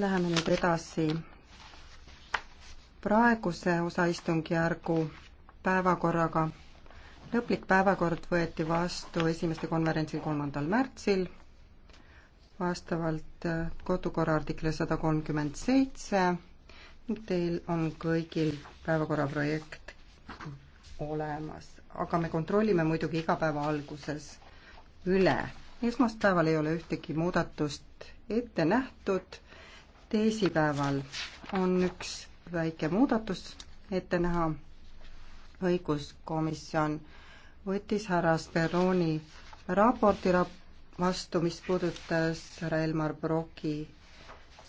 Läheme nüüd edasi praeguse osa istungjärgu päevakorraga. lõplik päevakord võeti vastu esimeste konverentsil kolmandal märtsil vastavalt äh, kodukorra artikli sada kolmkümmend seitse ning teil on kõigil päevakorra projekt olemas, aga me kontrollime muidugi iga päeva alguses üle. esmaspäeval ei ole ühtegi muudatust ette nähtud teisipäeval on üks väike muudatus ette näha. õiguskomisjon võttis härra Speroni raporti rap-, vastu, mis puudutas härra Elmar Broki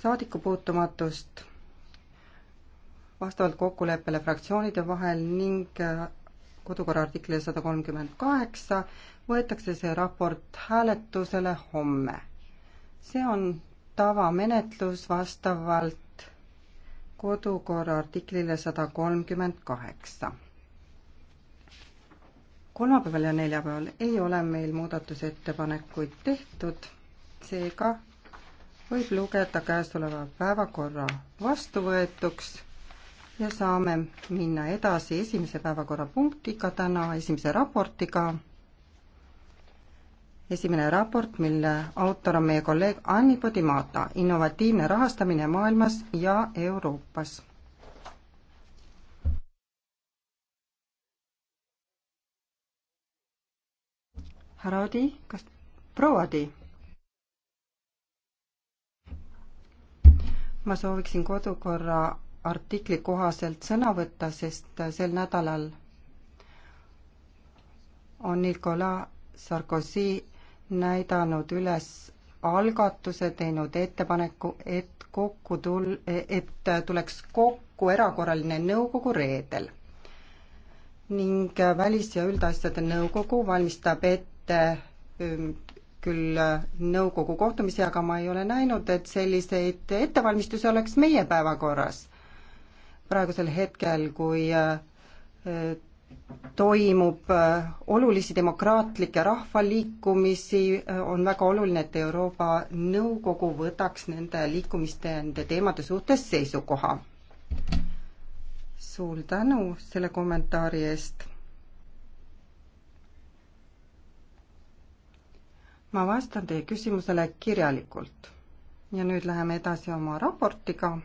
saadikupuutumatust vastavalt kokkuleppele fraktsioonide vahel ning kodukorra artikli sada kolmkümmend kaheksa võetakse see raport hääletusele homme. see on tavamenetlus vastavalt kodukorra artiklile sada kolmkümmend kaheksa. kolmapäeval ja neljapäeval ei ole meil muudatusettepanekuid tehtud, seega võib lugeda käesoleva päevakorra vastuvõetuks ja saame minna edasi esimese päevakorrapunktiga täna, esimese raportiga esimene raport, mille autor on meie kolleeg Anni Podimata, innovatiivne rahastamine maailmas ja Euroopas. härra Odi, kas, proua Odi? ma sooviksin kodukorra artikli kohaselt sõna võtta, sest sel nädalal on Nicolas Sarkozy näidanud üles algatuse, teinud ettepaneku, et kokku tul-, et tuleks kokku erakorraline nõukogu reedel. ning Välis- ja Üldasjade Nõukogu valmistab ette küll nõukogu kohtumisi, aga ma ei ole näinud, et selliseid ettevalmistusi oleks meie päevakorras. praegusel hetkel, kui toimub äh, olulisi demokraatlikke rahvaliikumisi, äh, on väga oluline, et Euroopa Nõukogu võtaks nende liikumiste, nende teemade suhtes seisukoha. suur tänu selle kommentaari eest. ma vastan teie küsimusele kirjalikult ja nüüd läheme edasi oma raportiga